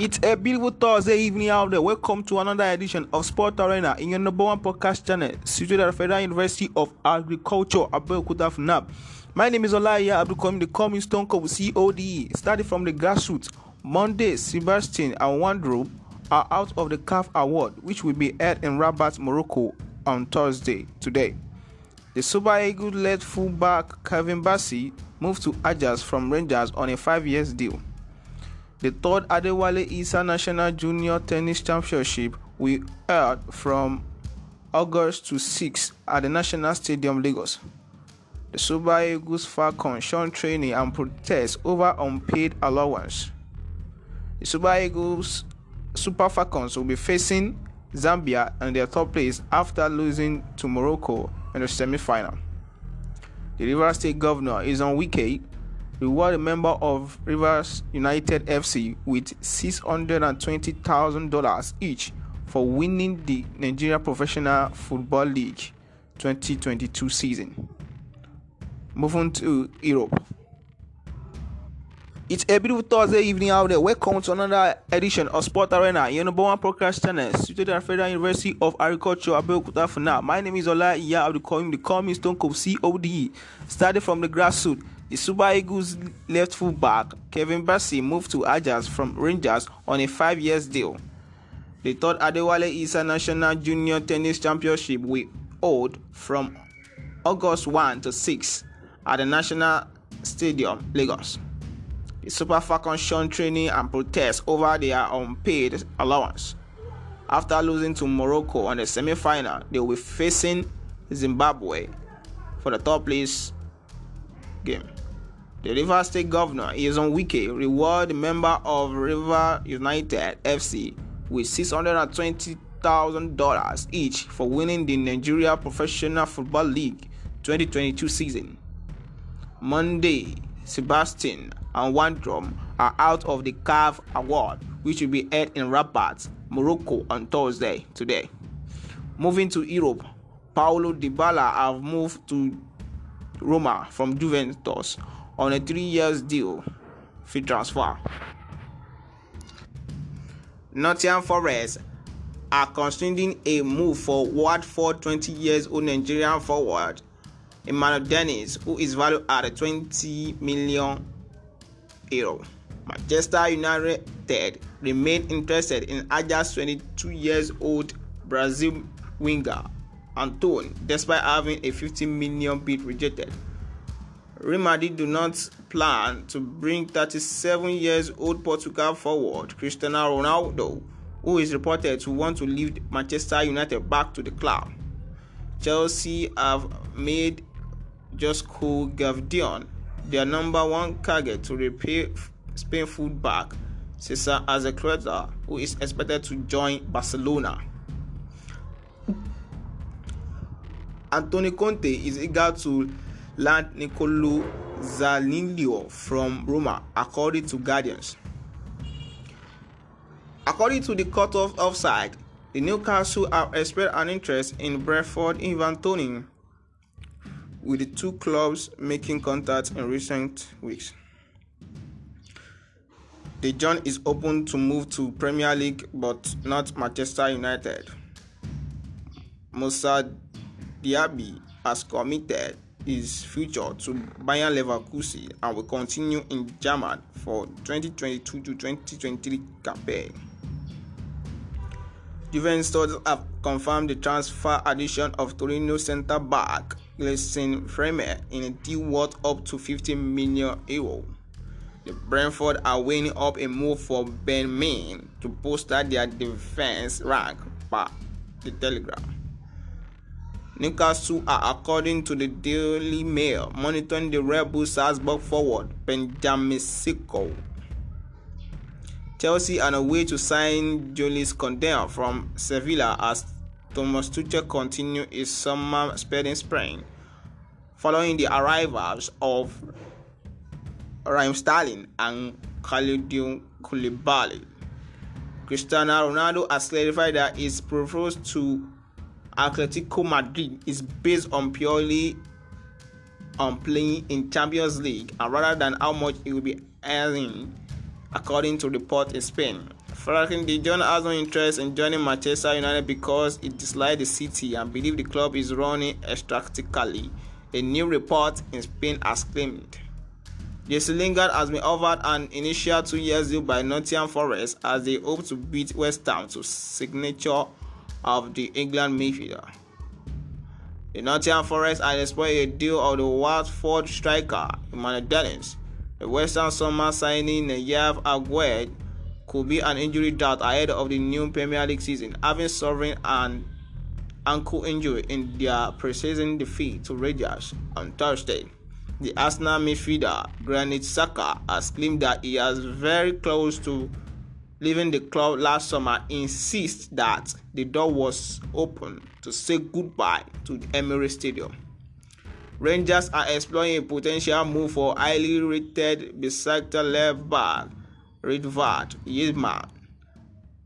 It's a beautiful Thursday evening out there. Welcome to another edition of Sport Arena in your number one podcast channel, situated at Federal University of Agriculture, Abeokuta FNAB. My name is Olaya Abdulkom, the coming Stone Cup CODE. Starting from the grassroots, Monday, Sebastian and Wandro are out of the CAF Award, which will be held in Rabat, Morocco on Thursday, today. The Super Eagles led fullback Kevin Bassi moved to Ajax from Rangers on a five year deal. The third Adewale Isa National Junior Tennis Championship will held from August to 6 at the National Stadium Lagos. The Super Eagles Falcons shun training and protest over unpaid allowance. The Super Eagles Super Falcons will be facing Zambia in their top place after losing to Morocco in the semi final. The River State Governor is on weekend reward a member of Rivers United FC with $620,000 each for winning the Nigeria Professional Football League 2022 season. Moving to Europe. It's a beautiful Thursday evening out there. Welcome to another edition of Sport Arena, You're your number one podcast channel, situated at Federal University of Agriculture, Abeokuta for now. My name is Ola Iya be calling the Coming Stone Cup COD, started from the grassroots the Super Eagles left fullback Kevin Bassey moved to Ajax from Rangers on a five years deal. The third Adewale Isa National Junior Tennis Championship will hold from August 1 to 6 at the National Stadium, Lagos. The Super Falcons shun training and protest over their unpaid allowance. After losing to Morocco on the semi final, they will be facing Zimbabwe for the top place game. The River State Governor is on wiki reward member of River United FC with $620,000 each for winning the Nigeria Professional Football League 2022 season. Monday, Sebastian and Wandrom are out of the CAF Award, which will be held in Rabat, Morocco on Thursday today. Moving to Europe, Paulo Dybala have moved to Roma from Juventus on a three years deal fee transfer. Nottingham Forest are considering a move for Watford 20 years old Nigerian forward Emmanuel Dennis, who is valued at 20 million euro. Manchester United remain interested in Ajax 22 years old Brazil winger and Tone, despite having a 50 million bid rejected. Real Madrid do not plan to bring 37 years old Portugal forward Cristiano Ronaldo, who is reported to want to lead Manchester United back to the club. Chelsea have made Josco Gavdion their number one target to repay Spain fullback Cesar Azecreta, who is expected to join Barcelona. Antonio Conte is eager to land Nicolo Zaniolo from Roma, according to Guardians. According to the cut-off offside, the Newcastle have expressed an interest in Bradford Ivan Tony, with the two clubs making contact in recent weeks. The John is open to move to Premier League but not Manchester United. Mossad Diaby has committed his future to Bayern Leverkusen and will continue in German for 2022 to 2023 campaign. Juventus have confirmed the transfer addition of Torino centre back Gleison Fremer in a deal worth up to 15 million euro. The Brentford are weighing up a move for Ben Mee to bolster their defence rank per the Telegraph. Newcastle are, according to the Daily Mail, monitoring the rebel Salzburg forward Benjamin Sicko. Chelsea are away to sign Julius Condell from Sevilla as Thomas Tuchel continues his summer spending spring, following the arrivals of Raheem Sterling and Khalidou Koulibaly. Cristiano Ronaldo has clarified that his proposal to Atletico Madrid is based on purely on playing in Champions League and rather than how much he will be earning, according to report in Spain. Franklin De Jong has no interest in joining Manchester United because he dislikes the city and believes the club is running extractically, a new report in Spain has claimed. Jesse Lingard has been offered an initial two year deal by Nottingham Forest as they hope to beat West Ham to signature of the England midfielder. The Nottingham Forest had exploited a deal of the Watford striker Emmanuel Dennis. The Western summer signing Nayav Agued could be an injury doubt ahead of the new Premier League season, having suffered an ankle injury in their preseason defeat to Rangers on Thursday. The Arsenal midfielder Granit Saka has claimed that he is very close to leaving the club last summer, insists that the door was open to say goodbye to Emirates Stadium. Rangers are exploring a potential move for highly rated Besikta left back Ridvard Yilmaz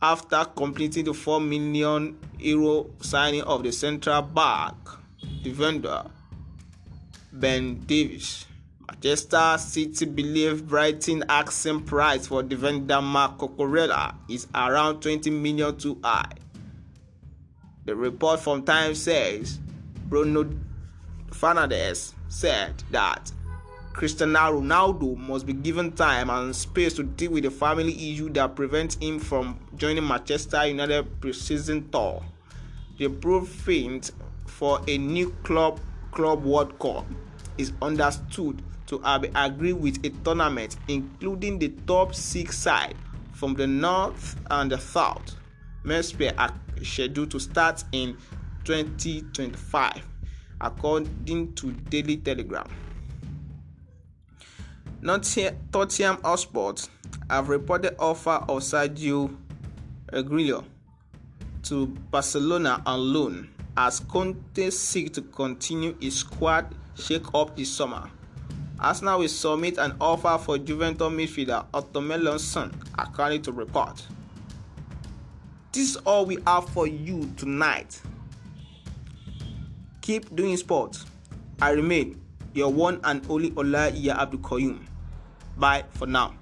after completing the 4 million euro signing of the central back defender Ben Davis. Manchester City believe Brighton asking price for defender Mark Cucurella is around 20 million too high. The report from Time says Bruno Fernandes said that Cristiano Ronaldo must be given time and space to deal with the family issue that prevents him from joining Manchester United preseason tour. The blueprint for a new club club World Cup is understood to have agreed with a tournament including the top six side from the north and the south. Matches are scheduled to start in 2025, according to Daily Telegraph. Tottenham Hotspur have reported offer of Sergio Aguilera to Barcelona on loan as Conte seeks to continue his squad shake-up this summer. Arsenal will submit an offer for Juventus midfielder Otto Melanson, according to report. This is all we have for you tonight. Keep doing sports. I remain your one and only Olaiya Abdul Koyum. Bye for now.